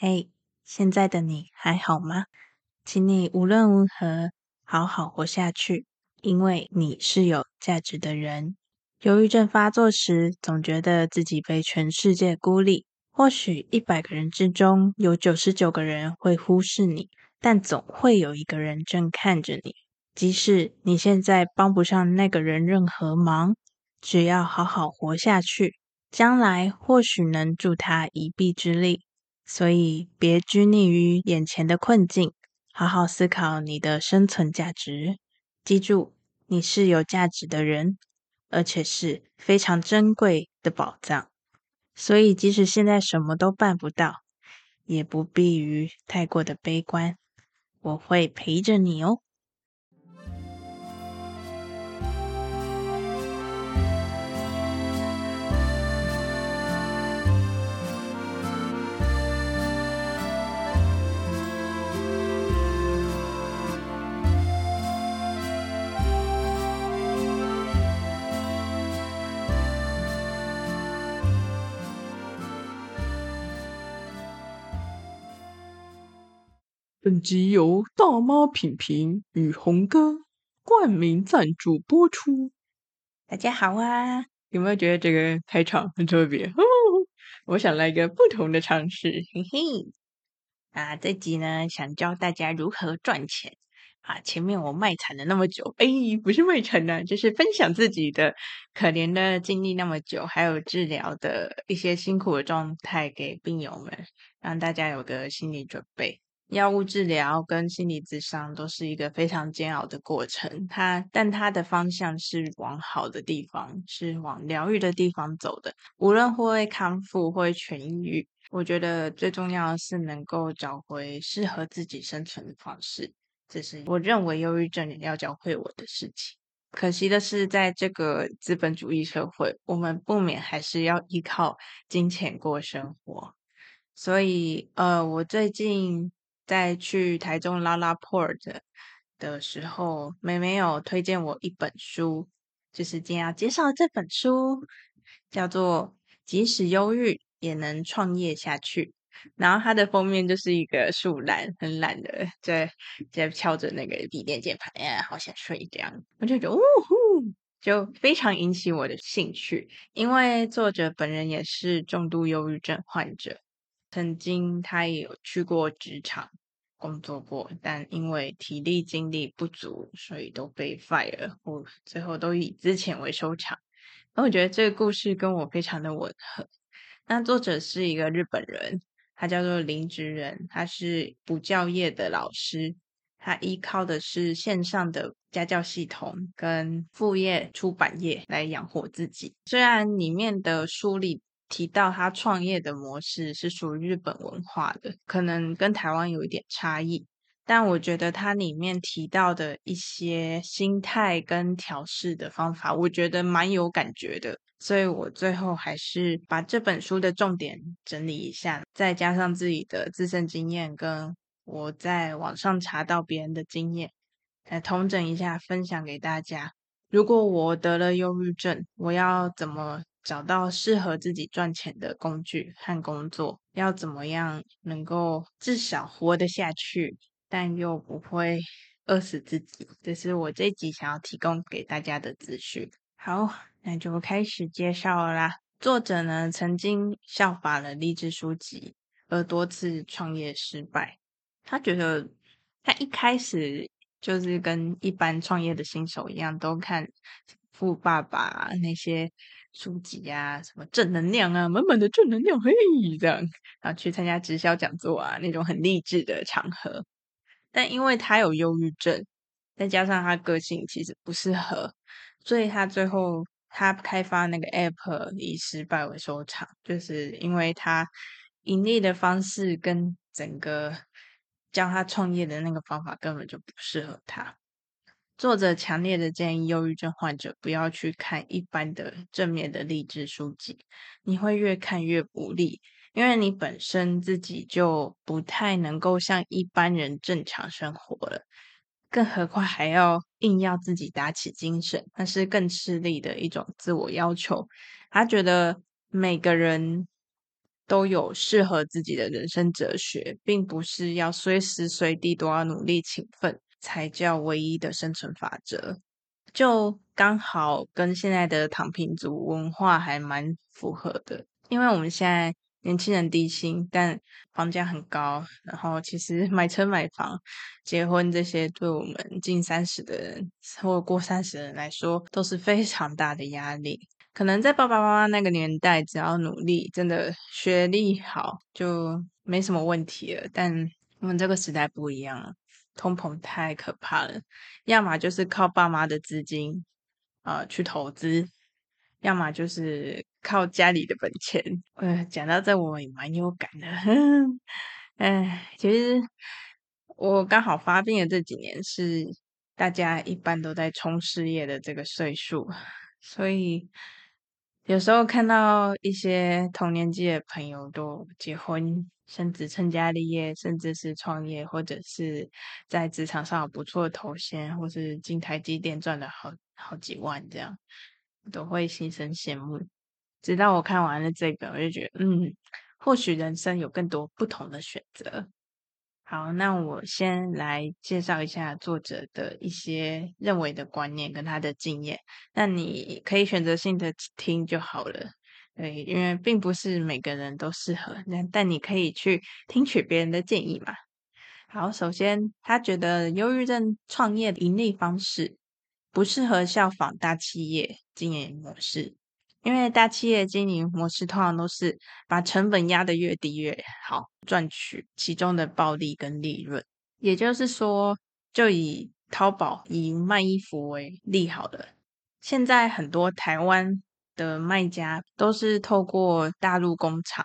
嘿，hey, 現在的你還好嗎？請你無論如何好好活下去，因為你是有價值的人。憂鬱症發作時，總覺得自己被全世界孤立。或許一百個人之中有九十九個人會忽視你，但總會有一個人正看着你。即使你現在幫不上那個人任何忙，只要好好活下去，將來或許能助他一臂之力。所以，別拘泥於眼前的困境，好好思考你的生存價值。記住，你是有價值的人，而且是非常珍貴的寶藏。所以，即使現在什麼都辦不到，也不必於太過的悲觀。我會陪着你哦。本集由大媽萍萍與泓哥冠名贊助播出。大家好啊！有沒有覺得這個開場很特別？哦，我想來一個不同的嘗試。嘿嘿，啊，這集呢，想教大家如何賺錢啊！前面我賣慘了那麼久，哎，不是賣慘的、啊，就是分享自己的可憐的經歷那麼久，還有治療的一些辛苦的狀態給病友們，讓大家有個心理準備。藥物治療跟心理諮商都是一個非常煎熬的過程，它，但它的方向是往好的地方，是往療癒的地方走的。無論會康復或痊癒，我覺得最重要的是能夠找回適合自己生存的方式。這是我認為憂鬱症也要教會我的事情。可惜的是，在這個資本主義社會，我們不免還是要依靠金錢過生活。所以，呃，我最近。在去台中拉拉 port 的時候，妹妹有推薦我一本書，就是今天要介紹的這本書，叫做《即使憂鬱也能創業下去》。然後它的封面就是一個樹懶，很懶的在在敲着那個筆電鍵盤，啊，哎，好想睡這樣。我就覺得嗚呼，就非常引起我的興趣，因為作者本人也是重度憂鬱症患者。曾經他也有去過職場工作過，但因為體力精力不足，所以都被 fire，我最後都以資遣為收場。那我覺得這個故事跟我非常的吻合。那作者是一個日本人，他叫做林直人，他是補教業的老師，他依靠的是線上的家教系統跟副業出版業來養活自己。雖然裡面的書裡。提到他創業的模式是屬於日本文化的，可能跟台灣有一點差異，但我覺得他裡面提到的一些心態跟調試的方法，我覺得蠻有感覺的。所以我最後還是把這本書的重點整理一下，再加上自己的自身經驗，跟我在網上查到別人的經驗，來統整一下，分享給大家。如果我得了憂鬱症，我要怎麼？找到適合自己賺錢的工具和工作，要怎麼樣能夠至少活得下去，但又不會餓死自己？這是我這集想要提供給大家的資訊。好，那就開始介紹啦。作者呢，曾經效法了勵志書籍，而多次創業失敗。他覺得他一開始就是跟一般創業的新手一樣，都看《富爸爸》啊那些。書籍啊，什麼正能量啊，滿滿的正能量，嘿，這樣，然後去參加直銷講座啊，那種很勵志的場合。但因為他有憂鬱症，再加上他個性其實不適合，所以他最後他開發那個 app 以失敗為收場，就是因為他盈利的方式跟整個教他創業的那個方法根本就不適合他。作者強烈的建議憂鬱症患者不要去看一般的正面的勵志書籍，你會越看越不利，因為你本身自己就不太能夠像一般人正常生活了，更何況還要硬要自己打起精神，那是更吃力的一種自我要求。他覺得每個人都有適合自己的人生哲學，並不是要隨時隨地都要努力勤奮。才叫唯一的生存法則，就剛好跟現在的躺平族文化還蠻符合的。因為我們現在年輕人低薪，但房價很高，然後其實買車、買房、結婚這些，對我們近三十的人或過三十的人來說，都是非常大的壓力。可能在爸爸媽媽那個年代，只要努力，真的學歷好，就沒什麼問題了。但我們這個時代不一樣了。通膨太可怕了，要麼就是靠爸媽的資金，呃，去投資；要麼就是靠家裡的本錢。呃，講到這，我也蠻有感的。哎、 呃，其實我剛好發病的這幾年是大家一般都在衝事業的這個歲數，所以。有時候看到一些同年紀的朋友都結婚，甚至成家立業，甚至是創業，或者是，在職場上有不錯的頭銜，或是進台積電賺了好好幾萬，這樣都會心生羨慕。直到我看完了這個，我就覺得，嗯，或許人生有更多不同的選擇。好，那我先來介紹一下作者的一些認為的觀念跟他的經驗。那你可以選擇性的聽就好了，誒，因為並不是每個人都適合，但但你可以去聽取別人的建議嘛。好，首先他覺得憂鬱症創業的盈利方式不適合效仿大企業經營模式。因為大企業經營模式通常都是把成本壓得越低越好，賺取其中的暴利跟利潤。也就是說，就以淘寶以賣衣服為例，好了，現在很多台灣的賣家都是透過大陸工廠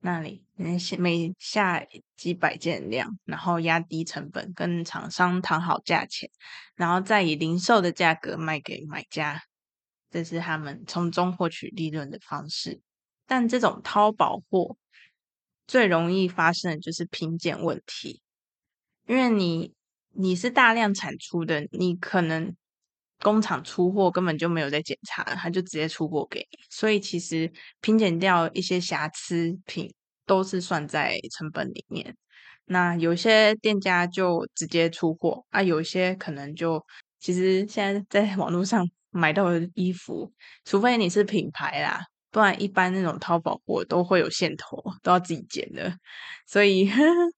那裡，每下幾百件量，然後壓低成本，跟廠商談好價錢，然後再以零售的價格賣給買家。這是他們從中獲取利潤的方式，但這種淘寶貨最容易發生的就是品檢問題，因為你你是大量產出的，你可能工廠出貨根本就沒有在檢查，他就直接出貨給你，所以其實品檢掉一些瑕疵品都是算在成本裡面。那有些店家就直接出貨啊，有些可能就其實現在在網絡上。買到的衣服，除非你是品牌啦，不然一般那種淘寶貨都會有線頭，都要自己剪的。所以，呵呵，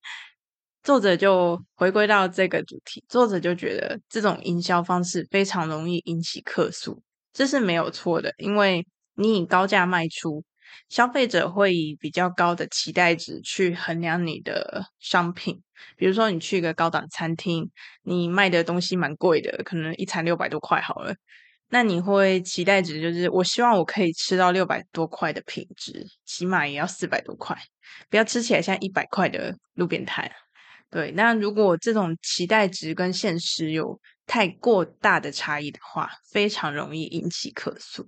作者就回歸到這個主題，作者就覺得這種營銷方式非常容易引起客訴，這是沒有錯的，因為你以高價賣出，消費者會以比較高的期待值去衡量你的商品。比如說，你去一個高檔餐廳，你賣的東西蠻貴的，可能一餐六百多塊好了。那你會期待值就是，我希望我可以吃到六百多塊的品質，起碼也要四百多塊，不要吃起來像一百塊的路邊攤。對，那如果這種期待值跟現實有太過大的差異的話，非常容易引起客訴。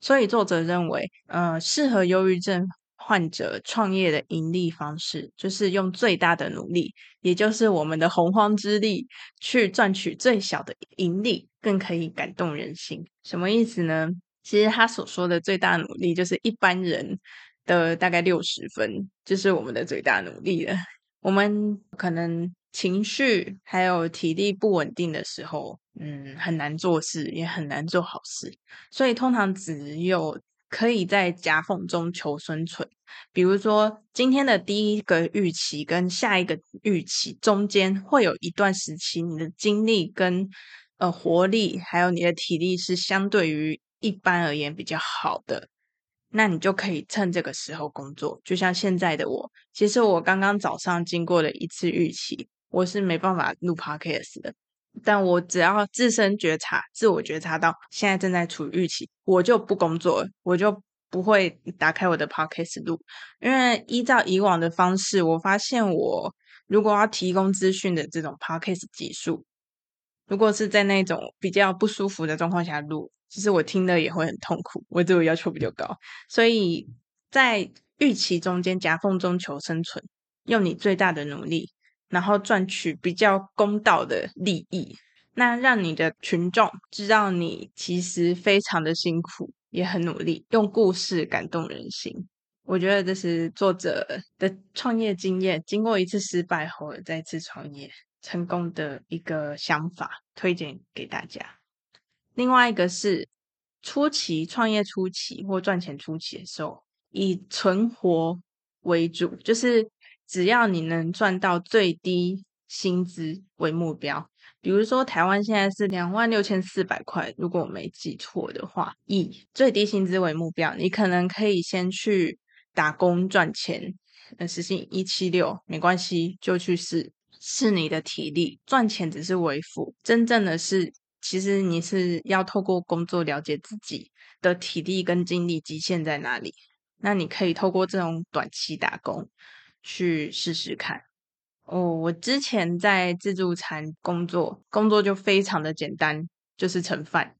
所以作者認為，呃，適合憂鬱症患者創業的盈利方式，就是用最大的努力，也就是我們的洪荒之力，去賺取最小的盈利。更可以感動人心，什麼意思呢？其實他所說的最大努力，就是一般人的大概六十分，就是我們的最大努力了。我們可能情緒還有體力不穩定的時候，嗯，很難做事，也很難做好事。所以通常只有可以在夾縫中求生存。比如說今天的第一個預期跟下一個預期中間會有一段時期，你的精力跟呃，活力還有你的體力是相對於一般而言比較好的，那你就可以趁這個時候工作。就像現在的我，其實我剛剛早上經過了一次預期，我是沒辦法錄 Podcast 的。但我只要自身覺察、自我覺察到現在正在處於預期，我就不工作，我就不會打開我的 Podcast 錄，因為依照以往的方式，我發現我如果要提供資訊的這種 Podcast 技術。如果是在那種比較不舒服的狀況下錄，其實我聽了也會很痛苦。我對我要求比較高，所以在預期中間夾縫中求生存，用你最大的努力，然後賺取比較公道的利益，那讓你的群眾知道你其實非常的辛苦，也很努力，用故事感動人心。我覺得這是作者的創業經驗，經過一次失敗後再次創業。成功的一個想法，推薦給大家。另外一個是初期創業初期或賺錢初期的時候，以存活為主，就是只要你能賺到最低薪資為目標。比如說台灣現在是兩萬六千四百塊，如果我沒記錯的話，以最低薪資為目標，你可能可以先去打工賺錢。嗯，時薪一七六沒關係，就去試。是你的體力，賺錢只是為輔。真正的是，其實你是要透過工作了解自己的體力跟精力極限在哪裡。那你可以透過這種短期打工去試試看。哦，我之前在自助餐工作，工作就非常的簡單，就是盛飯。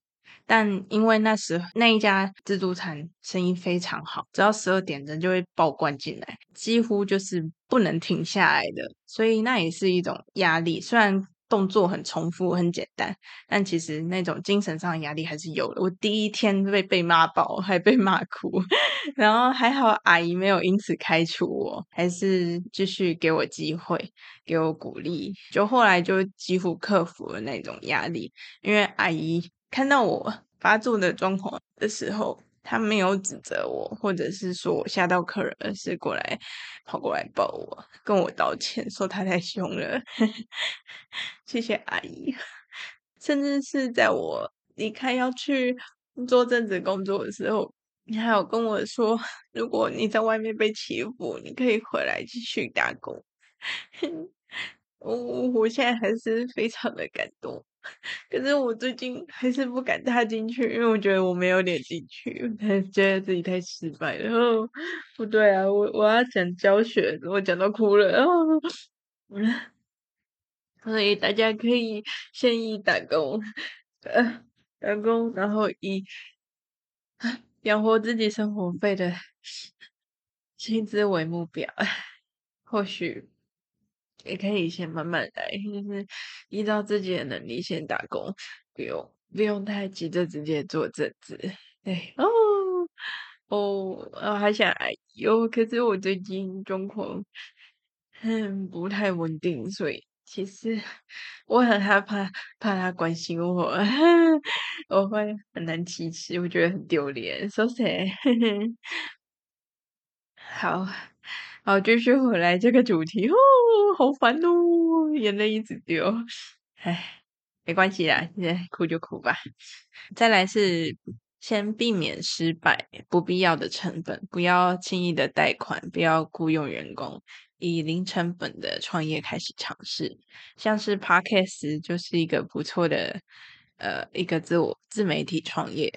但因為那時那一家自助餐生意非常好，只要十二點人就會爆灌進來，幾乎就是不能停下來的。所以那也是一種壓力。雖然動作很重複、很簡單，但其實那種精神上的壓力還是有的。我第一天被被罵爆，還被罵哭，然後還好阿姨沒有因此開除我，還是繼續給我機會，給我鼓勵。就後來就幾乎克服了那種壓力，因為阿姨。看到我發作的狀況的時候，他沒有指責我，或者是說我嚇到客人，而是過來跑過來抱我，跟我道歉，說他太兇了。 謝謝阿姨，甚至是在我離開要去做正職工作的時候，你還有跟我說，如果你在外面被欺負，你可以回來繼續打工。 我我，我現在還是非常的感動。可是我最近還是不敢踏進去，因為我覺得我沒有臉進去，覺得自己太失敗了。然後，哦，不對啊，我我要講教學，我講到哭了。然後，所以大家可以先以打工，呃，打工，然後以養活自己生活費的薪資為目標，或許。也可以先慢慢來，就是依照自己的能力先打工，不用不用太急着直接做正職。對哦哦，我還想唉呦，可是我最近狀況很不太穩定，所以其實我很害怕，怕他關心我，我會很難啟齒，我覺得很丟臉。收、so、拾好。好，繼續回來這個主題，哦，好煩哦，眼淚一直掉，唉，沒關係啦，現在哭就哭吧。再來是先避免失敗不必要的成本，不要輕易的貸款，不要僱傭員工，以零成本的創業開始嘗試，像是 Podcast 就是一個不錯的，呃，一個自我自媒體創業。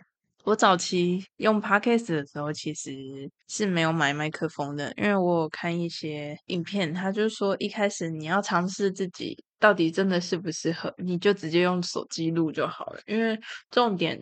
我早期用 Podcast 的時候，其實是沒有買麥克風的，因為我有看一些影片，他就是說一開始你要嘗試自己到底真的適不適合，你就直接用手機錄就好了。因為重點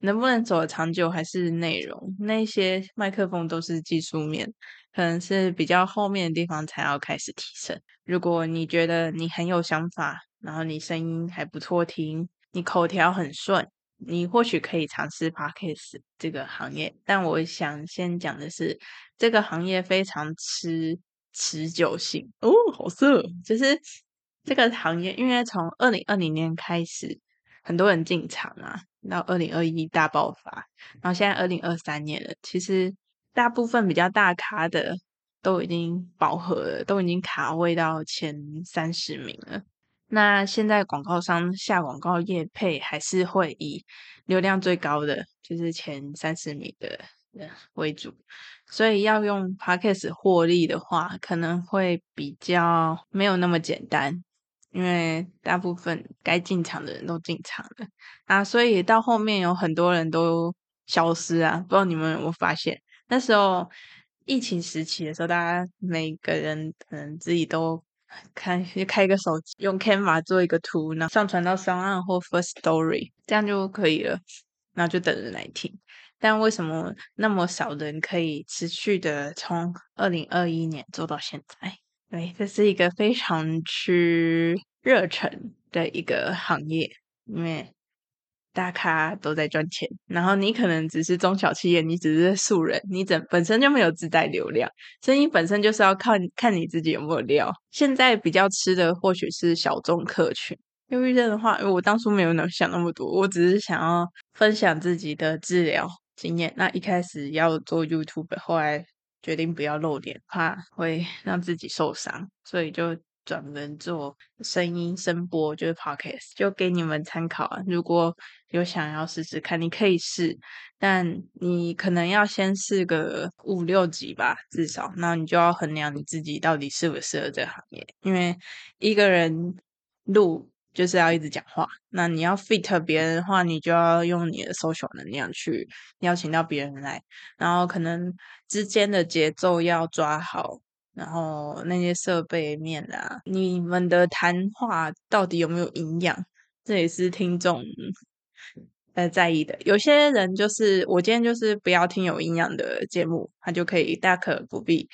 能不能走得長久，還是內容，那些麥克風都是技術面，可能是比較後面的地方才要開始提升。如果你覺得你很有想法，然後你聲音還不錯聽，你口條很順。你或許可以嘗試 podcast 這個行業，但我想先講的是，這個行業非常吃持，持久性哦，好色，就是這個行業，因為從二零二零年開始，很多人進場啊，到二零二一大爆發，然後現在二零二三年了，其實大部分比較大咖的都已經飽和了，都已經卡位到前三十名了。那現在廣告商下廣告業配還是會以流量最高的，就是前三十名的人為主，所以要用 podcast 獲利的話，可能會比較沒有那麼簡單，因為大部分該進場的人都進場了啊，所以到後面有很多人都消失啊，不知道你們有沒有發現？那時候疫情時期的時候，大家每個人可能自己都。看，去開一個手機，用 Canva 做一個圖，然後上傳到 SoundOn，或 First Story，這樣就可以了。然後就等人來聽。但為什麼那麼少人可以持續的從二零二一年做到現在？對，這是一個非常之熱忱的一個行業，因為，大咖都在賺錢，然後你可能只是中小企業，你只是素人，你整本身就沒有自帶流量，聲音本身就是要靠看，看你自己有沒有料。現在比較吃的或許是小眾客群。憂鬱症的話，因為我當初沒有能想那麼多，我只是想要分享自己的治療經驗。那一開始要做 YouTube，後來決定不要露臉，怕會讓自己受傷，所以就。轉文做聲音聲播就是 podcast，就給你們參考啊。如果有想要試試看，你可以試，但你可能要先試個五六集吧，至少。那你就要衡量你自己到底適不適合這行業，因為一個人錄就是要一直講話，那你要 fit 別人的話，你就要用你的 social 能量去邀請到別人來，然後可能之間的節奏要抓好。然後那些設備面啦、啊，你們的談話到底有沒有營養？這也是聽眾在在意的。有些人就是，我今天就是不要聽有營養的節目，他就可以大可不必，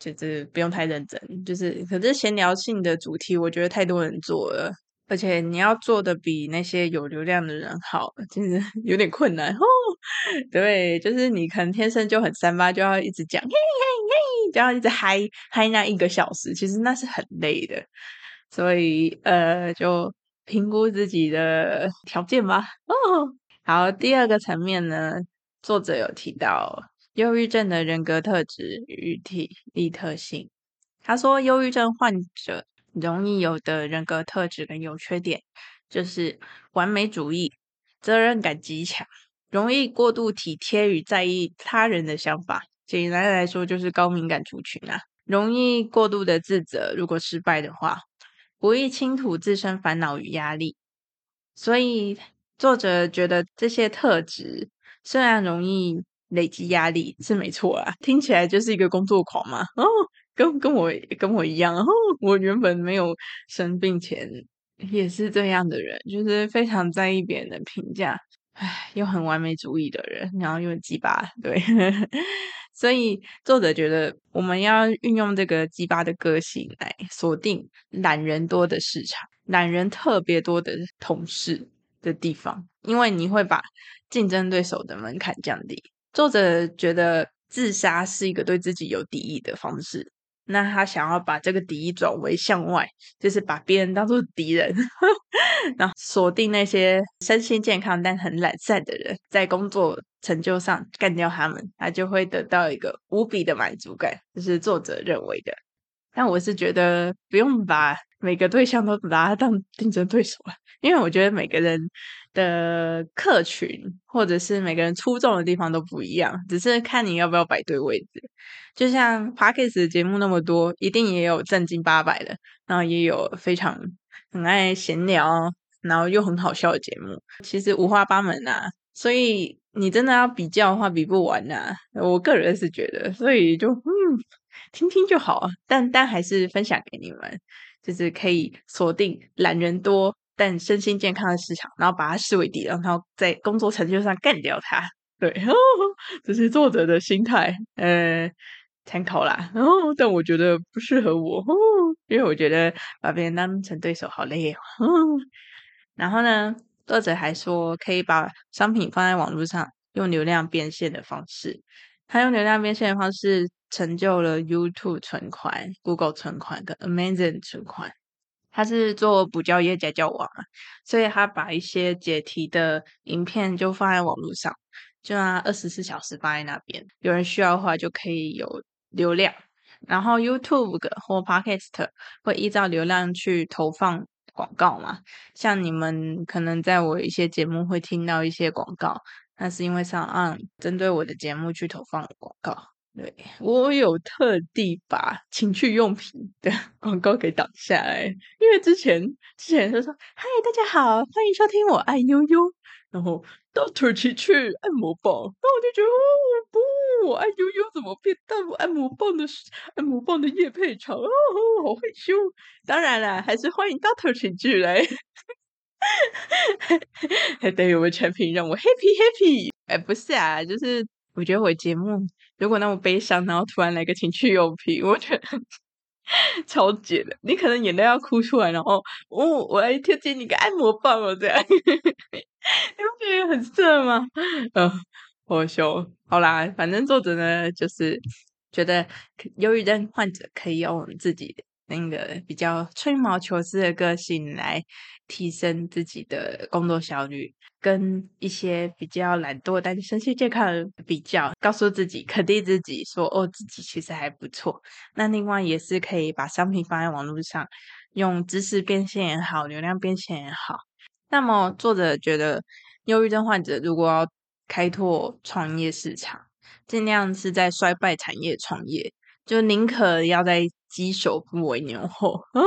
就是不用太認真。就是，可是閒聊性的主題，我覺得太多人做了。而且你要做的比那些有流量的人好，其實有點困難哦。對，就是你可能天生就很三八，就要一直講，嘿，嘿，嘿，就要一直嗨嗨那一個小時，其實那是很累的。所以，呃，就評估自己的條件吧。哦，好，第二個層面呢，作者有提到憂鬱症的人格特質與體力特性。他說，憂鬱症患者。容易有的人格特質跟優缺點，就是完美主義、責任感極強，容易過度體貼與在意他人的想法。簡單來說，就是高敏感族群啊。容易過度的自責，如果失敗的話，不易傾吐自身煩惱與壓力。所以作者覺得這些特質雖然容易累積壓力是沒錯啊，聽起來就是一個工作狂嘛。哦。跟跟我跟我一樣，然後我原本沒有生病前也是這樣的人，就是非常在意別人的評價，唉，又很完美主義的人，然後又機掰，對， 所以作者覺得我們要運用這個機掰的個性來鎖定懶人多的市場，懶人特別多的同事的地方，因為你會把競爭對手的門檻降低。作者覺得自殺是一個對自己有敵意的方式。那他想要把這個敵意轉為向外，就是把別人當作敵人， 然後鎖定那些身心健康但很懶散的人，在工作成就上幹掉他們，他就會得到一個無比的滿足感，這、就是作者認為的。但我是覺得不用吧。每個對象都拿它當競爭對手了，因為我覺得每個人的客群或者是每個人出眾的地方都不一樣，只是看你要不要擺對位置。就像 Podcast 的節目那麼多，一定也有正經八百的，然後也有非常很愛閒聊，然後又很好笑的節目，其實五花八門啊。所以你真的要比較的話，比不完啊。我個人是覺得，所以就嗯，聽聽就好啊。但但還是分享給你們。就是可以鎖定懶人多但身心健康的市場，然後把它視為敵人，然後在工作成就上幹掉它。對、哦，這是作者的心態，呃，參考啦。然後、哦，但我覺得不適合我、哦，因為我覺得把別人當成對手好累、哦哦。然後呢，作者還說可以把商品放在網絡上，用流量變現的方式。他用流量變現的方式。成就了 YouTube 存款、Google 存款跟 Amazon 存款。他是做補教業家教網，所以他把一些解題的影片就放在網絡上，就讓二十四小時放在那邊，有人需要的話就可以有流量。然後 YouTube 或 Podcast 會依照流量去投放廣告嘛。像你們可能在我一些節目會聽到一些廣告，那是因為上岸針對我的節目去投放廣告。對，我有特地把情趣用品的廣告給擋下來，因為之前之前他說：“嗨，大家好，歡迎收聽我愛憂憂。”然後 Doctor 情趣按摩棒，然後我就覺得哦不，我愛憂憂怎麼變？到摩按摩棒的按摩棒的業配場哦，好害羞。當然了，還是歡迎 Doctor 情趣來。 還等於我的產品讓我 happy happy。哎，不是啊，就是我覺得我節目。如果那麼悲傷，然後突然來個情趣用品，我覺得超級的。你可能眼淚要哭出來，然後哦，我還貼近你個按摩棒哦，這樣 你不覺得很色嗎？嗯、呃，我說好啦，反正作者呢，就是覺得憂鬱症患者可以用自己的那個比較吹毛求疵的個性來提升自己的工作效率，跟一些比較懶惰的但是身心健康的人比較，告訴自己肯定自己，說哦，自己其實還不錯。那另外也是可以把商品放在網絡上，用知識變現也好，流量變現也好。那麼作者覺得，憂鬱症患者如果要開拓創業市場，盡量是在衰敗產業創業，就寧可要在雞首不為牛後。哦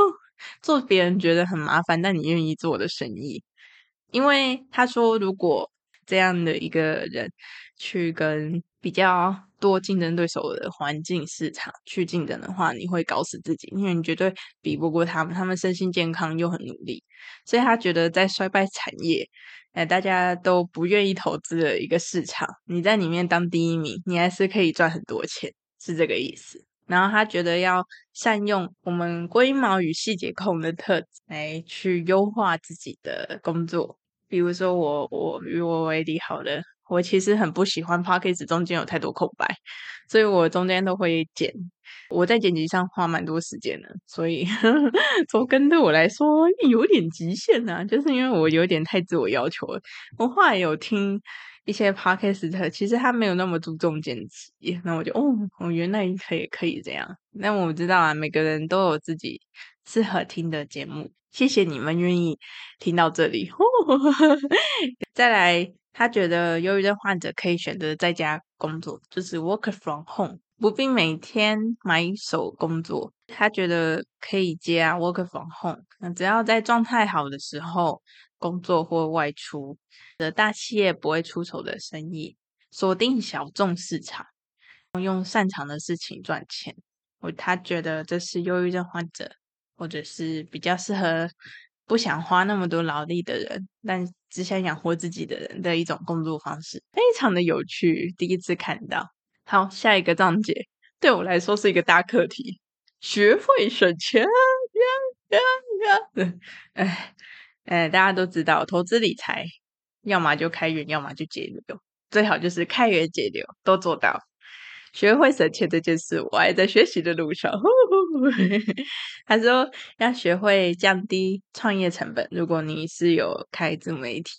做別人覺得很麻煩，但你願意做的生意，因為他說，如果這樣的一個人去跟比較多競爭對手的環境市場去競爭的話，你會搞死自己，因為你絕對比不過他們，他們身心健康又很努力，所以他覺得在衰敗產業，哎、呃，大家都不願意投資的一個市場，你在裡面當第一名，你還是可以賺很多錢，是這個意思。然後他覺得要善用我們龜毛與細節控的特質來去優化自己的工作，比如說我我以我為例，好的，我其實很不喜歡 podcast 中間有太多空白，所以我中間都會剪，我在剪輯上花蠻多時間的，所以軸呵呵根對我來說有點極限呢、啊，就是因為我有點太自我要求了，我話也有聽。一些 podcast，其實他沒有那麼注重剪輯，那我就哦，我、哦、原來可以可以這樣。那我知道啊，每個人都有自己適合聽的節目。謝謝你們願意聽到這裡。哦、 再來，他覺得憂鬱症患者可以選擇在家工作，就是 work from home，不必每天埋首工作。他覺得可以接、啊、work from home，那只要在狀態好的時候。工作或外出的大企業不會出醜的生意，鎖定小眾市場，用擅長的事情賺錢。我他覺得這是憂鬱症患者，或者是比較適合不想花那麼多勞力的人，但只想養活自己的人的一種工作方式，非常的有趣。第一次看到，好，下一個章節對我來說是一個大課題，學會省錢，呀呀呀！哎。唉呃，大家都知道，投資理財，要麼就開源，要麼就節流，最好就是開源節流都做到。學會省錢這件事，我還在學習的路上。呼呼呼 他說，要學會降低創業成本。如果你是有開自媒體，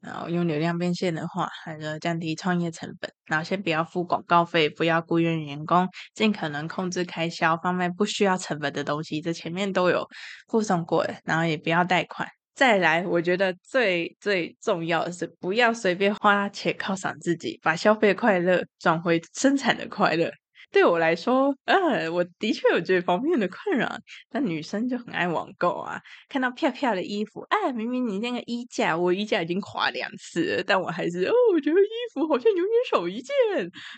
然後用流量變現的話，還是降低創業成本，然後先不要付廣告費，不要僱傭員工，盡可能控制開銷方面不需要成本的東西。這前面都有附送過了，然後也不要貸款。再來，我覺得最最重要的是不要隨便花錢犒賞自己，把消費快樂轉回生產的快樂。對我來說，呃、啊，我的確有這方面的困擾。但女生就很愛網購啊，看到漂漂的衣服，哎、啊，明明你那個衣架，我衣架已經垮兩次了，但我還是哦，我覺得衣服好像永遠少一件。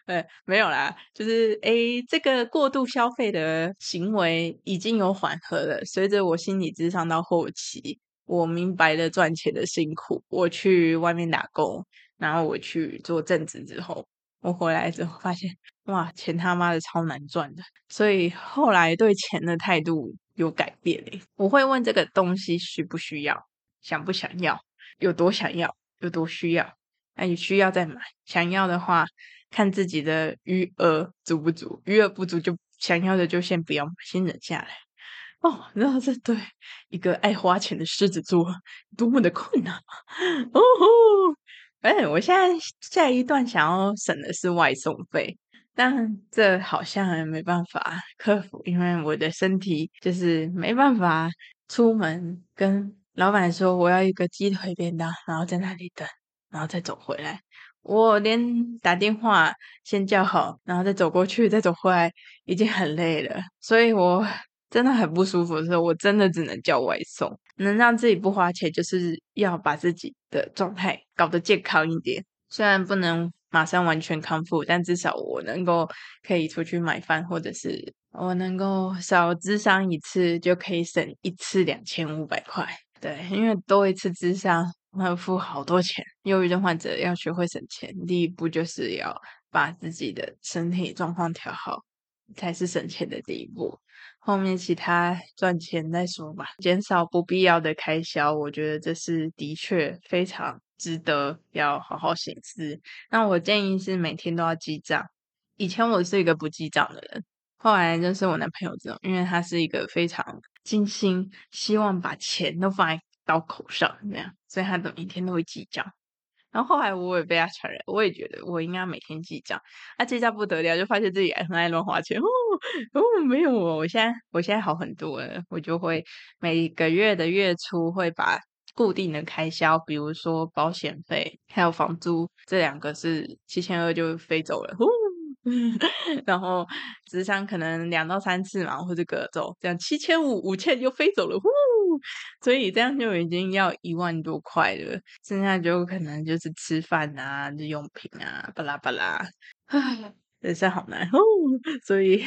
呃、嗯，沒有啦，就是 A、欸、這個過度消費的行為已經有緩和了，隨着我心理諮商到後期。我明白了賺錢的辛苦，我去外面打工，然後我去做正職之後，我回來之後發現，哇，錢他媽的超難賺的，所以後來對錢的態度有改變嘞。我會問這個東西需不需要，想不想要，有多想要，有多需要，那你需要再買，想要的話，看自己的餘額足不足，餘額不足就想要的就先不要買，先忍下來。哦，然後這對一個愛花錢的獅子座多麼的困難哦吼！哎、欸，我現在下一段想要省的是外送費，但這好像沒辦法克服，因為我的身體就是沒辦法出門，跟老闆說我要一個雞腿便當，然後在那裡等，然後再走回來。我連打電話先叫好，然後再走過去，再走回來已經很累了，所以我。真的很不舒服的時候，我真的只能叫外送。能讓自己不花錢，就是要把自己的狀態搞得健康一點。雖然不能馬上完全康復，但至少我能夠可以出去買飯，或者是我能夠少諮商一次，就可以省一次兩千五百塊。對，因為多一次諮商，要付好多錢。憂鬱症患者要學會省錢，第一步就是要把自己的身體狀況調好，才是省錢的第一步。後面其他賺錢再說吧，減少不必要的開銷，我覺得這是的確非常值得要好好顯示。那我建議是每天都要記賬。以前我是一個不記賬的人，後來認識我男朋友之後，因為他是一個非常精心，希望把錢都放在刀口上那樣，所以他都每一天都會記賬。然後後來我也被他傳染，我也覺得我應該每天記賬，啊，那記賬不得了，就發現自己還很愛亂花錢。哦，沒有哦，我現在我現在好很多了。我就會每個月的月初會把固定的開銷，比如說保險費還有房租這兩個是七千二就飛走了，然後職場可能兩到三次嘛，或者隔週這樣七千五五千就飛走了，所以這樣就已經要一萬多塊了，剩下就可能就是吃飯啊、日用品啊、巴拉巴拉，啊，人生好難哦，所以。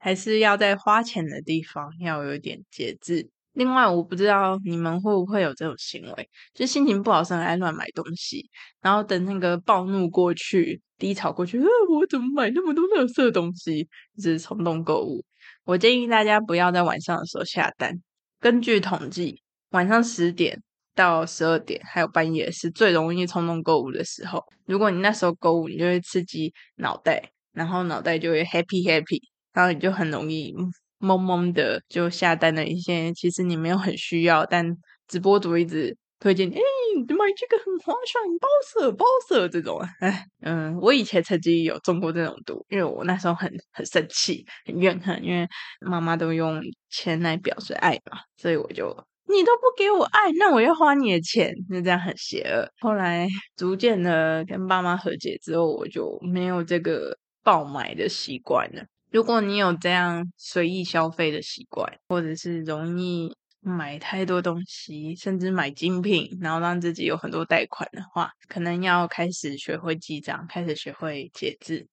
還是要在花錢的地方要有點節制。另外，我不知道你們會不會有這種行為，就心情不好上來亂買東西，然後等那個暴怒過去、低潮過去，哎、啊，我怎麼買那麼多垃圾的東西？一直衝動購物。我建議大家不要在晚上的時候下單。根據統計，晚上十點到十二點，還有半夜是最容易衝動購物的時候。如果你那時候購物，你就會刺激腦袋，然後腦袋就會 happy happy。然後你就很容易懵懵的就下單了一些，其實你沒有很需要，但直播主一直推薦你，你、欸、買這個很划算，包色包色這種。哎， 嗯，我以前曾經有中過這種毒，因為我那時候很很生氣，很怨恨，因為媽媽都用錢來表示愛嘛，所以我就你都不給我愛，那我要花你的錢，那這樣很邪惡。後來逐漸的跟爸媽和解之後，我就沒有這個爆買的習慣了。如果你有這樣隨意消費的習慣，或者是容易買太多東西，甚至買精品，然後讓自己有很多貸款的話，可能要開始學會記賬，開始學會節制。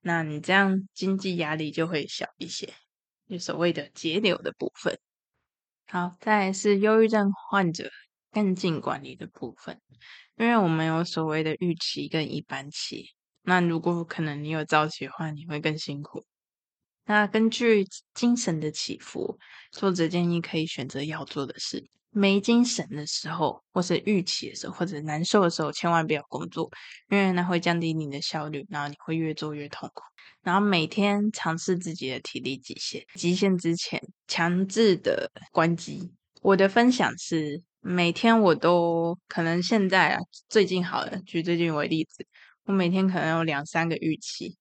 那你這樣經濟壓力就會小一些，就所謂的節流的部分。好，再來是憂鬱症患者幹勁管理的部分，因為我們有所謂的預期跟一般期。那如果可能你有早起的話，你會更辛苦。那根據精神的起伏，作者建議可以選擇要做的事。沒精神的時候，或是預期的時候，或者難受的時候，千萬不要工作，因為那會降低你的效率，然後你會越做越痛苦。然後每天嘗試自己的體力極限，極限之前強制的關機。我的分享是，每天我都可能現在、啊、最近好了，舉最近為例子，我每天可能有兩三個預期。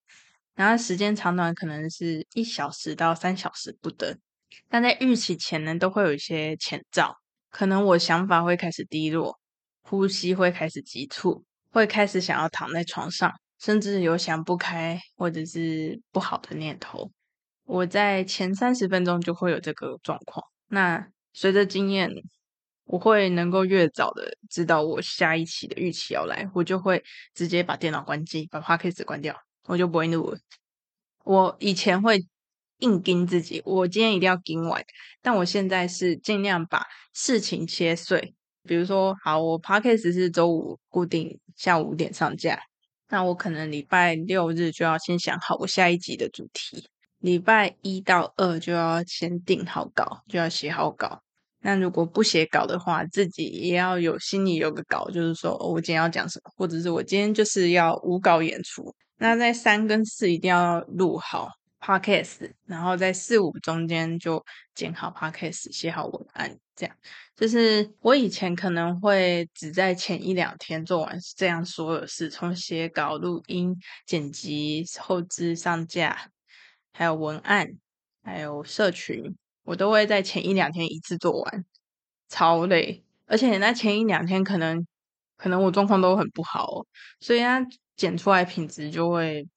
然後時間長短可能是一小時到三小時不等，但在預期前呢，都會有一些前兆，可能我想法會開始低落，呼吸會開始急促，會開始想要躺在床上，甚至有想不開或者是不好的念頭。我在前三十分鐘就會有這個狀況。那隨着經驗，我會能夠越早的知道我下一期的預期要來，我就會直接把電腦關機，把 Podcast 關掉。我就不會努了。我以前會硬盯自己，我今天一定要盯完。但我現在是盡量把事情切碎，比如說，好，我 Podcast 是週五固定下午五點上架，那我可能禮拜六日就要先想好我下一集的主題，禮拜一到二就要先定好稿，就要寫好稿。那如果不寫稿的話，自己也要有心裡有個稿，就是說我今天要講什麼，或者是我今天就是要無稿演出。那在三跟四一定要錄好 podcast，然後在四五中間就剪好 podcast，寫好文案。這樣就是我以前可能會只在前一兩天做完，這樣所有的事。從寫稿、錄音、剪輯、後置、上架，還有文案，還有社群。我都會在前一兩天一次做完，超累，而且那前一兩天可能可能我狀況都很不好哦，所以它剪出來品質就會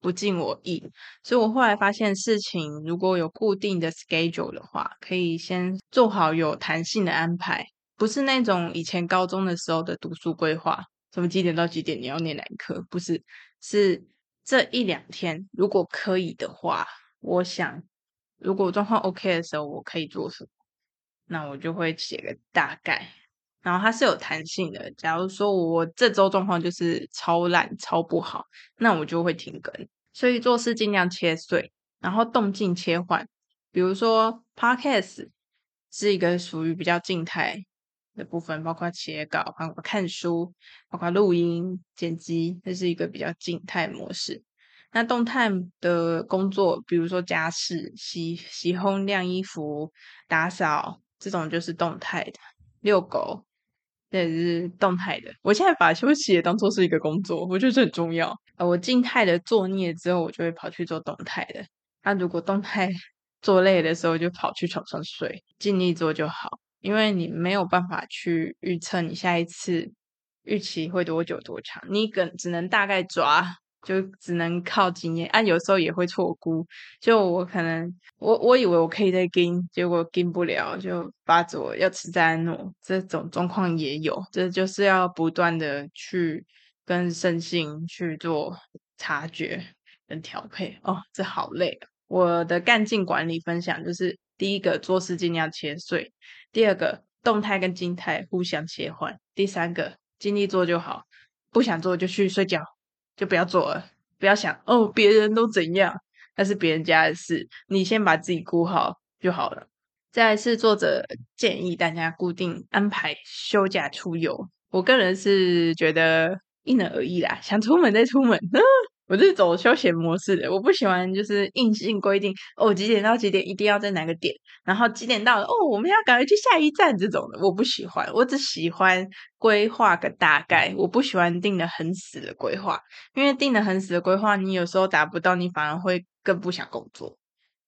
不盡我意。所以我後來發現，事情如果有固定的 schedule 的話，可以先做好有彈性的安排，不是那種以前高中的時候的讀書規劃，什麼幾點到幾點你要念哪一科，不是，是這一兩天如果可以的話，我想。如果狀況 OK 的時候，我可以做什麼，那我就會寫個大概。然後它是有彈性的，假如說我這周狀況就是超爛超不好，那我就會停更。所以做事盡量切碎，然後動靜切換。比如說 Podcast 是一個屬於比較靜態的部分，包括寫稿、包括看書、包括錄音、剪輯，這是一個比較靜態模式。那動態的工作，比如說家事，洗洗烘，晾衣服，打掃，這種就是動態的。遛狗，這也、就是動態的。我現在把休息也當做是一個工作，我覺得這很重要。呃、啊，我靜態的坐膩之後，我就會跑去做動態的。那如果動態做累的時候，就跑去床上睡。盡力做就好，因為你沒有辦法去預測你下一次預期會多久多長，你梗只能大概抓。就只能靠經驗，啊，有時候也會錯估。就我可能，我我以為我可以再跟，結果跟不了，就發作要吃贊安諾，這種狀況也有。這就，就是要不斷的去跟身心去做察覺跟調配哦，oh, 這好累。我的幹勁管理分享就是：第一個做事盡量切碎；第二個動態跟靜態互相切換；第三個盡力做就好，不想做就去睡覺。就不要做了，不要想哦，別人都怎樣，那是別人家的事，你先把自己顧好就好了。再次作者建議大家固定安排休假出遊，我個人是覺得因人而異啦，想出門再出門呢。我是走休閒模式的，我不喜歡就是硬性規定，哦，幾點到幾點一定要在哪個點，然後幾點到了哦，我們要趕快去下一站這種的，我不喜歡。我只喜歡規劃個大概，我不喜歡定的很死的規劃，因為定的很死的規劃，你有時候達不到，你反而會更不想工作。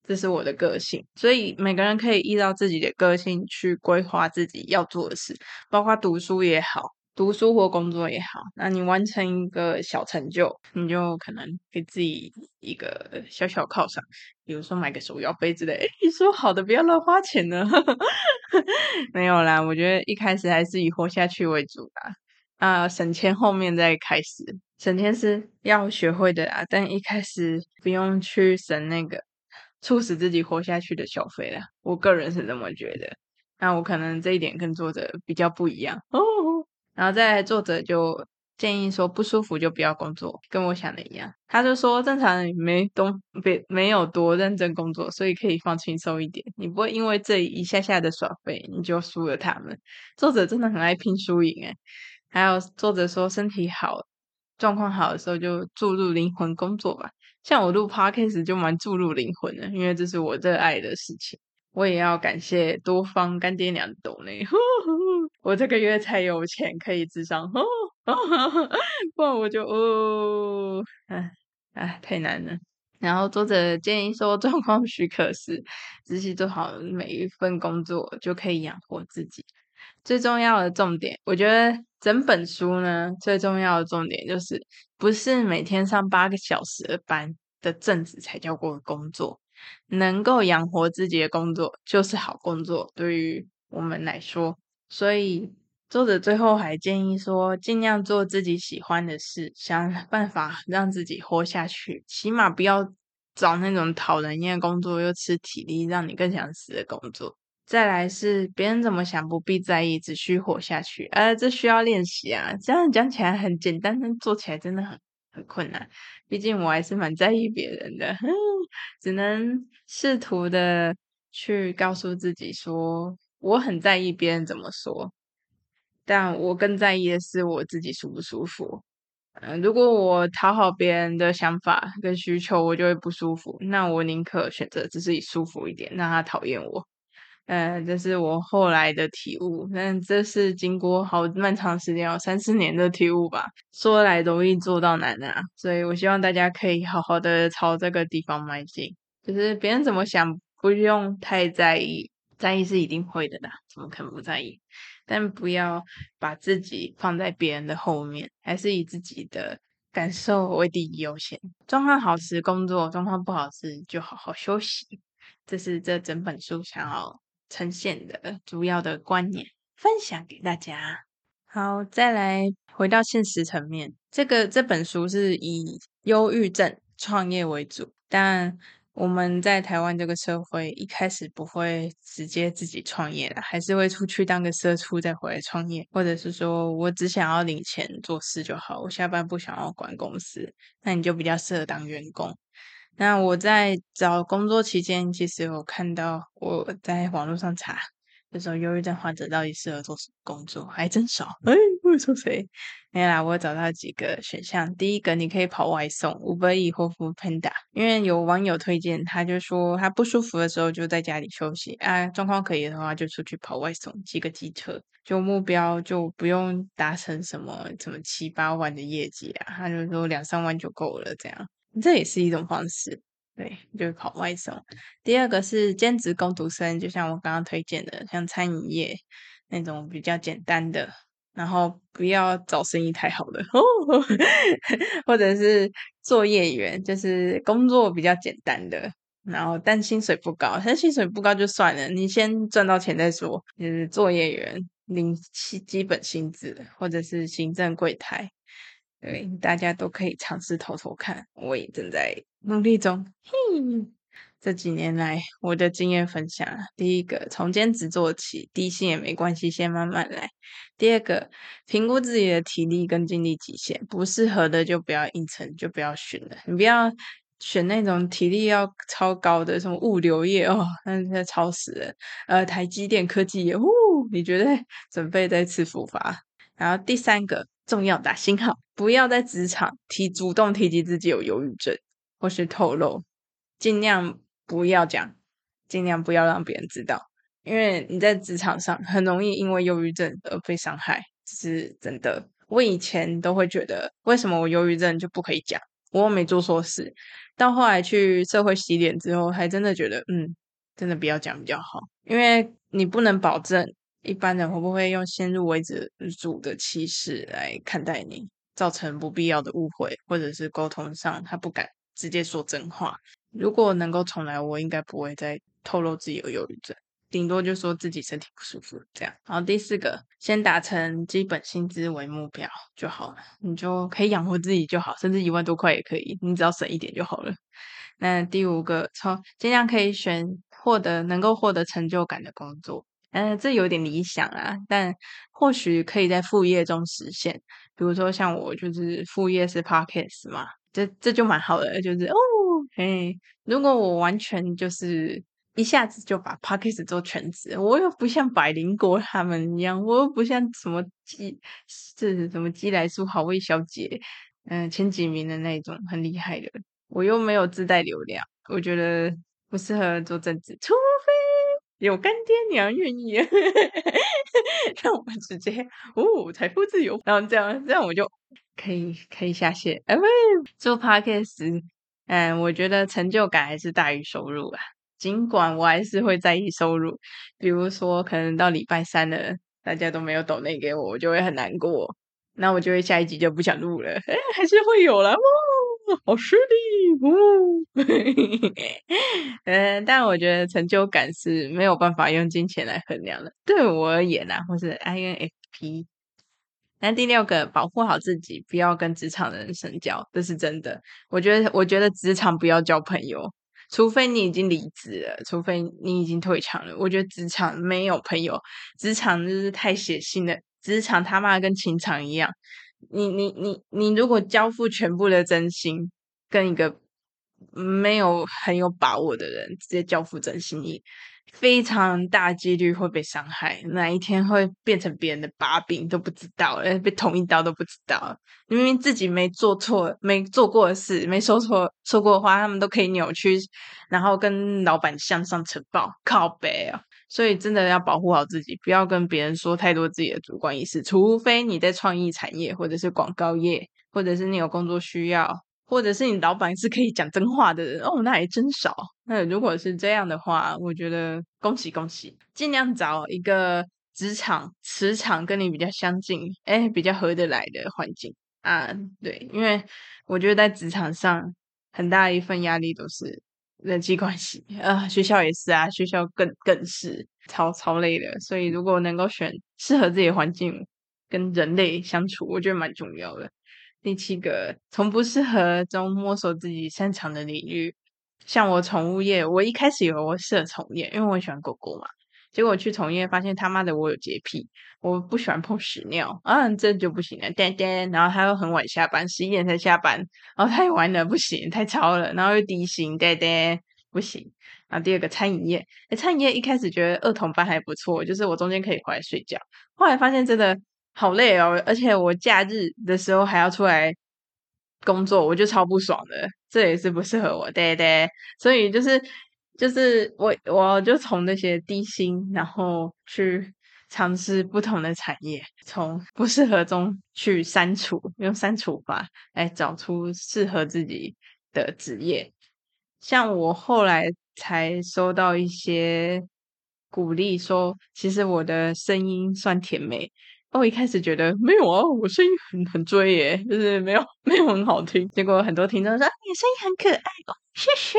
這是我的個性，所以每個人可以依照自己的個性去規劃自己要做的事，包括讀書也好。讀書或工作也好，那你完成一個小成就，你就可能給自己一個小小犒賞，比如說買個手搖杯之類。誒，你說好的，不要亂花錢呢？ 沒有啦，我覺得一開始還是以活下去為主吧。啊、呃，省錢後面再開始，省錢是要學會的啊。但一開始不用去省那個促使自己活下去的消費了。我個人是這麼覺得。那我可能這一點跟作者比較不一樣哦，哦。哦然後再來，作者就建議說不舒服就不要工作，跟我想的一樣。他就說正常人沒多別，沒有多認真工作，所以可以放輕鬆一點。你不會因為這一下下的耍廢你就輸了他們。作者真的很愛拼輸贏哎。還有作者說身體好狀況好的時候就注入靈魂工作吧。像我錄 podcast 就蠻注入靈魂的，因為這是我熱愛的事情。我也要感謝多方乾爹娘懂的鼓勵。呼呼我這個月才有錢可以自商，哦、不、哦、然、哦、我就哦、哎、啊、哎、啊、太難了。然後作者建議說，狀況許可時，仔細做好每一份工作就可以養活自己。最重要的重點，我覺得整本書呢最重要的重點就是，不是每天上八個小時的班的正職才叫過工作，能夠養活自己的工作就是好工作。對於我們來說。所以，作者最後還建議說：盡量做自己喜歡的事，想辦法讓自己活下去，起碼不要找那種討人厭、工作又吃體力、讓你更想死的工作。再來是，別人怎麼想不必在意，只需活下去。呃，這需要練習啊。這樣講起來很簡單，但做起來真的很很困難。畢竟我還是蠻在意別人的，哼，只能試圖的去告訴自己說。我很在意別人怎麼說，但我更在意的是我自己舒不舒服。嗯、呃，如果我討好別人的想法跟需求，我就會不舒服。那我寧可選擇自己舒服一點，讓他討厭我。嗯、呃，這是我後來的體悟，但這是經過好漫長時間，有三四年的體悟吧。說來容易做到難啊，所以我希望大家可以好好的朝這個地方邁進，就是別人怎麼想不用太在意。在意是一定會的啦，怎麼可能不在意？但不要把自己放在別人的後面，還是以自己的感受為第一優先。狀況好時工作，狀況不好時就好好休息。這是這整本書想要呈現的主要的觀念，分享給大家。好，再來回到現實層面，這個這本書是以憂鬱症創業為主，但。我們在台灣這個社會，一開始不會直接自己創業的，還是會出去當個社畜，再回來創業。或者是說我只想要領錢做事就好，我下班不想要管公司，那你就比較適合當員工。那我在找工作期間，其實我看到我在網絡上查。就說憂鬱症患者到底適合做什麼工作，還真少。哎，會說誰？沒有啦，我找到幾個選項。第一個，你可以跑外送，Uber Eats 或 Foodpanda。因為有網友推薦，他就說他不舒服的時候就在家裡休息啊，狀況可以的話就出去跑外送，騎個機車，就目標就不用達成什麼什麼七八萬的業績啊，他就說兩三萬就夠了，這樣這也是一種方式。對，就是跑外送。第二個是兼職工讀生，就像我剛剛推薦的，像餐飲業那種比較簡單的，然後不要找生意太好的哦， 或者是作業員，就是工作比較簡單的，然後但薪水不高，但薪水不高就算了，你先賺到錢再說。就是作業員，領基基本薪資，或者是行政櫃檯。對，大家都可以嘗試偷偷看，我也正在努力中。嘿，這幾年來我的經驗分享：第一個，從兼職做起，低薪也沒關係，先慢慢來；第二個，評估自己的體力跟精力極限，不適合的就不要硬撐，就不要選了。你不要選那種體力要超高的，什麼物流業哦，那太超死了。呃，台積電科技業嗚，你絕對準備再次復發。然後第三個重要打星號，不要在職場提主動提及自己有憂鬱症，或是透露，盡量不要講，盡量不要讓別人知道，因為你在職場上很容易因為憂鬱症而被傷害，是真的。我以前都會覺得，為什麼我憂鬱症就不可以講？我又沒做錯事。到後來去社會洗臉之後，還真的覺得，嗯，真的不要講比較好，因為你不能保證。一般人會不會用先入為主、主的歧視來看待你，造成不必要的誤會，或者是溝通上他不敢直接說真話。如果能夠重來，我應該不會再透露自己有憂鬱症，頂多就說自己身體不舒服這樣。然後第四個，先達成基本薪資為目標就好了，你就可以養活自己就好，甚至一萬多塊也可以，你只要省一點就好了。那第五個，從盡量可以選獲得能夠獲得成就感的工作。嗯、呃，這有點理想啊，但或許可以在副業中實現。比如說，像我就是副業是 Podcast 嘛，這這就蠻好的，就是哦，嘿，如果我完全就是一下子就把 Podcast 做全職，我又不像百靈果他們一樣，我又不像什麼雞，這是什麼雞來蘇好味小姐，嗯、呃，前幾名的那種很厲害的，我又沒有自帶流量，我覺得不適合做正職，除非。有乾爹娘願意， 讓我們直接哦，財富自由，然後這樣這樣我就可以可以下線。哎，做 podcast，嗯，我覺得成就感還是大於收入啊，儘管我還是會在意收入，比如說可能到禮拜三了，大家都沒有抖內給我，我就會很難過，那我就會下一集就不想錄了。哎，還是會有啦，哦。好實力、哦、 嗯，但我覺得成就感是沒有辦法用金錢來衡量的。對我而言啊或是 INFP。那第六個，保護好自己，不要跟職場的人深交，這是真的。我覺得，我覺得職場不要交朋友，除非你已經離職了，除非你已經退場了。我覺得職場沒有朋友，職場就是太血腥了。職場他媽跟情場一樣。你你你你，你你你如果交付全部的真心，跟一個沒有很有把握的人直接交付真心，你非常大幾率會被傷害，哪一天會變成別人的把柄都不知道，被捅一刀都不知道。你明明自己沒做錯、沒做過的事、沒說錯說過的話，他們都可以扭曲，然後跟老板向上呈報靠北哦、啊。所以真的要保護好自己，不要跟別人說太多自己的主觀意識，除非你在創意產業或者是廣告業，或者是你有工作需要，或者是你老板是可以講真話的人哦，那還真少。那如果是這樣的話，我覺得恭喜恭喜，盡量找一個職場磁場跟你比較相近，哎、欸，比較合得來的環境啊，對，因為我覺得在職場上很大一份壓力都是。人際關係啊、呃，學校也是啊，學校更更是超超累的。所以如果能夠選適合自己的環境跟人類相處，我覺得蠻重要的。第七個，從不適合中摸索自己擅長的領域，像我寵物業，我一開始以為我適合寵物業，因為我喜歡狗狗嘛。結果我去從業，發現他媽的我有潔癖，我不喜歡碰屎尿，嗯、啊，這就不行了。爹爹，然後他又很晚下班，十一點才下班，然後太晚了不行，太操了，然後又低薪，爹爹不行。然後第二個餐飲業，誒餐飲業一開始覺得二童班還不錯，就是我中間可以回來睡覺，後來發現真的好累哦，而且我假日的時候還要出來工作，我就超不爽的，這也是不適合我。爹爹，所以就是。就是我，我就從那些低薪，然後去嘗試不同的產業，從不適合中去刪除，用刪除法來找出適合自己的職業。像我後來才收到一些鼓勵說，說其實我的聲音算甜美。我一開始覺得沒有啊，我聲音很很錐耶，就是沒有沒有很好聽。結果很多聽眾說啊，你聲音很可愛，哦，謝謝。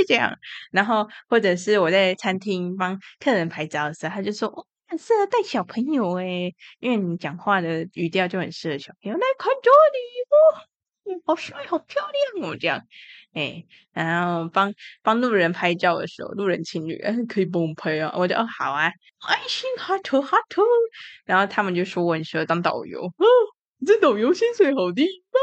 是這樣，然後或者是我在餐廳幫客人拍照的時候，他就說我、哦、很適合帶小朋友哎，因為你講話的語調就很適合小朋友。來看這裡哦，好帥好漂亮哦，這樣哎，然後幫幫路人拍照的時候，路人情侶、哎、可以幫我拍啊，我就哦好啊，愛心哈特哈特，然後他們就說我很適合當導遊哦。這導遊薪水好低哦。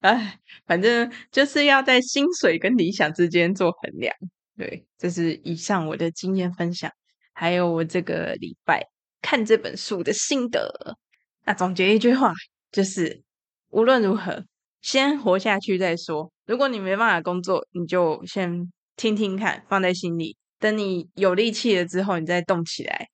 哎，反正就是要在薪水跟理想之間做衡量。對，這是以上我的經驗分享，還有我這個禮拜看這本書的心得。那總結一句話，就是無論如何，先活下去再說。如果你沒辦法工作，你就先聽聽看，放在心裡，等你有力氣了之後，你再動起來。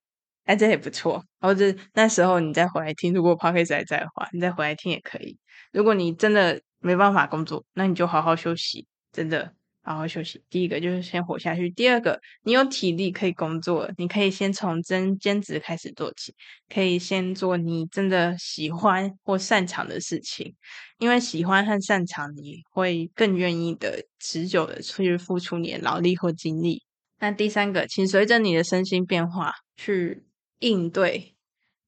哎，這也不錯。或者那時候你再回來聽，如果 Podcast 還在的話，你再回來聽也可以。如果你真的沒辦法工作，那你就好好休息，真的好好休息。第一個就是先活下去。第二個，你有體力可以工作，你可以先從兼兼職開始做起，可以先做你真的喜歡或擅長的事情，因為喜歡和擅長，你會更願意的持久的去付出你的勞力或精力。那第三個，請隨着你的身心變化去。應對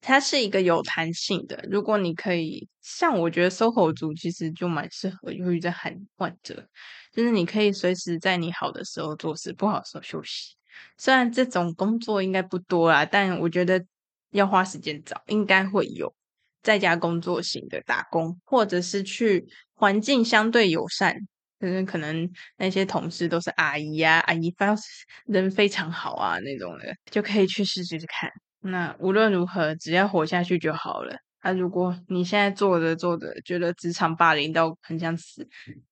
它是一個有彈性的。如果你可以像我覺得 SOHO 族其實就蠻適合憂鬱症患者，就是你可以隨時在你好的時候做事，不好的時候休息。雖然這種工作應該不多啦，但我覺得要花時間找，應該會有在家工作型的打工，或者是去環境相對友善，就是可能那些同事都是阿姨呀、啊、阿姨，反正人非常好啊那種的，就可以去試一試看。那無論如何，只要活下去就好了。啊，如果你現在做着做着，覺得職場霸凌到很想死，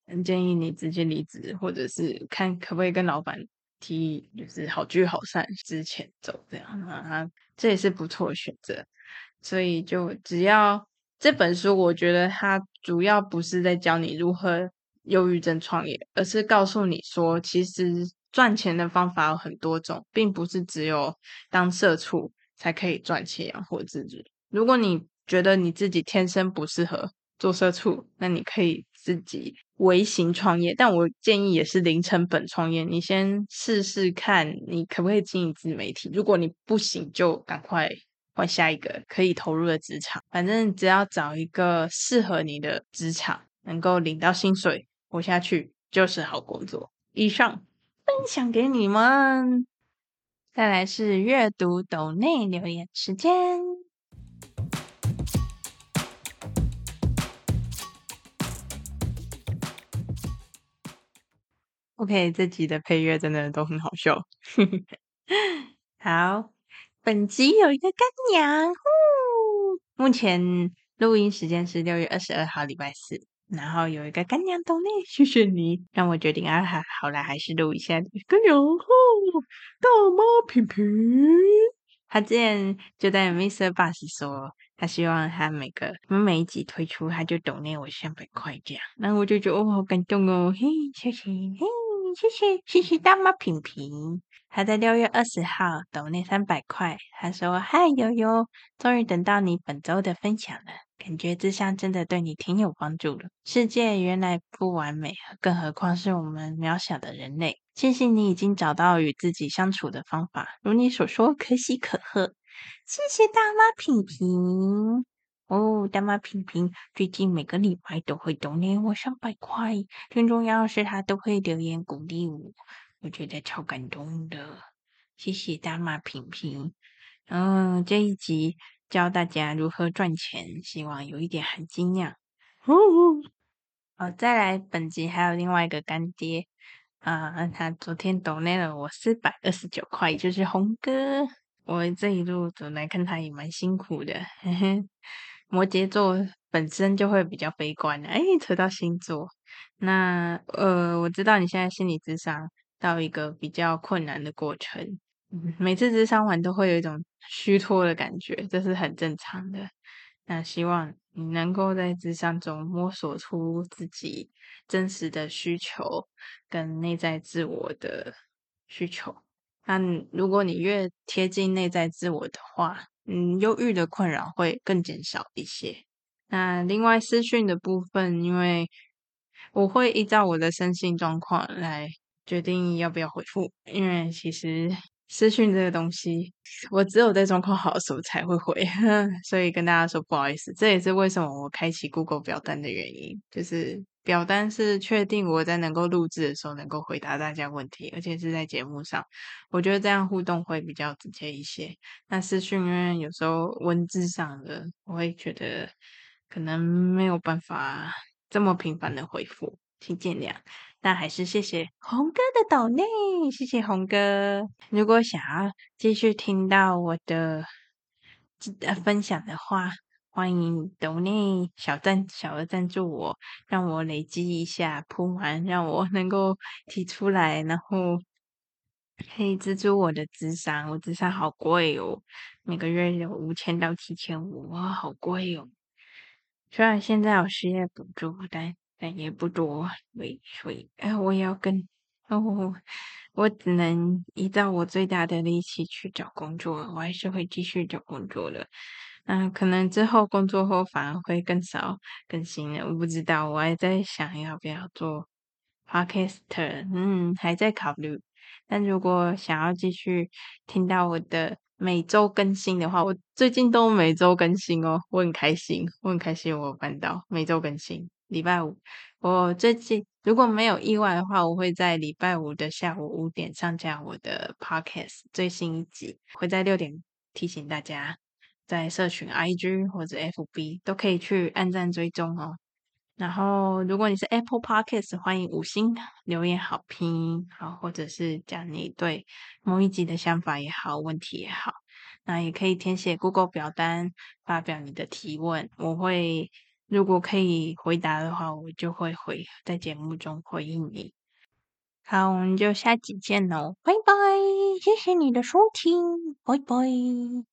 很建議你直接離職，或者是看可不可以跟老闆提議，就是好聚好散之前走這樣啊，這也是不錯的選擇。所以，就只要這本書，我覺得它主要不是在教你如何憂鬱症創業，而是告訴你說，其實賺錢的方法有很多種，並不是只有當社畜。才可以賺錢養活自己。如果你覺得你自己天生不適合做社畜，那你可以自己微型創業。但我建議也是零成本創業，你先試試看，你可不可以經營自媒體。如果你不行，就趕快換下一個可以投入的職場。反正只要找一個適合你的職場，能夠領到薪水活下去，就是好工作。以上分享給你們。再來是閱讀抖內留言時間。OK，這集的配樂真的都很好笑。 好，本集有一個乾娘。目前錄音時間是六月二十二號，禮拜四。然後有一個乾娘斗內，謝謝你讓我決定啊！好啦，還是錄一下乾娘吼、哦、大媽萍萍，他之前就在 Mr. Bus 說，他希望他每個每每一集推出，他就斗內我三百塊這樣，然後我就覺得哦，好感動哦，嘿，謝謝，嘿，謝謝謝謝大媽萍萍，他在六月二十號斗內三百塊，他說嗨憂憂，終於等到你本周的分享了。感覺這項真的對你挺有幫助的。世界原來不完美，更何況是我們渺小的人類。慶幸你已經找到與自己相處的方法，如你所說，可喜可賀。謝謝大媽萍萍哦，大媽萍萍最近每個禮拜都會斗內我上百塊，最重要的是她都會留言鼓勵我，我覺得超感動的。謝謝大媽萍萍。嗯，這一集，教大家如何賺錢，希望有一點含金量。哦，再來，本集還有另外一個干爹啊、呃，他昨天 donate 了我四百二十九塊，就是泓哥。我這一路走來看他也蠻辛苦的呵呵。摩羯座本身就會比較悲觀，哎、欸，扯到星座。那呃，我知道你現在心理諮商到一個比較困難的過程。每次諮商完都會有一種虛脫的感覺，這是很正常的。那希望你能夠在諮商中摸索出自己真實的需求跟內在自我的需求。那如果你越貼近內在自我的話，嗯，憂鬱的困擾會更減少一些。那另外私訊的部分，因為我會依照我的身心狀況來決定要不要回復，因為其實。私訊這個東西，我只有在狀況好的時候才會回呵，所以跟大家說不好意思。這也是為什麼我開啟 Google 表單的原因，就是表單是確定我在能夠錄製的時候能夠回答大家問題，而且是在節目上，我覺得這樣互動會比較直接一些。那私訊因為有時候文字上的，我會覺得可能沒有辦法這麼頻繁的回復。請見諒，但還是謝謝紅哥的斗內，謝謝紅哥。如果想要繼續聽到我的呃分享的話，歡迎斗內小贊小額贊助我，讓我累積一下，鋪完讓我能夠提出來，然後可以資助我的諮商。我諮商好貴哦，每個月有五千到七千五，哇，好貴哦。雖然現在有失業補助，但但也不多，沒所以，哎、呃，我也要跟，哦，我只能依照我最大的力氣去找工作，我還是會繼續找工作的。嗯、呃，可能之後工作後反而會更少更新了，我不知道，我還在想要不要做，podcaster，嗯，還在考慮。但如果想要繼續聽到我的每周更新的話，我最近都每周更新哦，我很開心，我很開心我，我辦到每周更新。禮拜五，我最近如果沒有意外的話，我會在禮拜五的下午五點上架我的 Podcast 最新一集，會在六點提醒大家，在社群 IG 或者 FB 都可以去按讚追蹤哦。然後，如果你是 Apple Podcast，歡迎五星留言好評，好或者是講你對某一集的想法也好，問題也好，那也可以填寫 Google 表單發表你的提問，我會。如果可以回答的話，我就會回，在節目中回應你。好，我們就下集見嘍，拜拜！謝謝你的收聽，拜拜。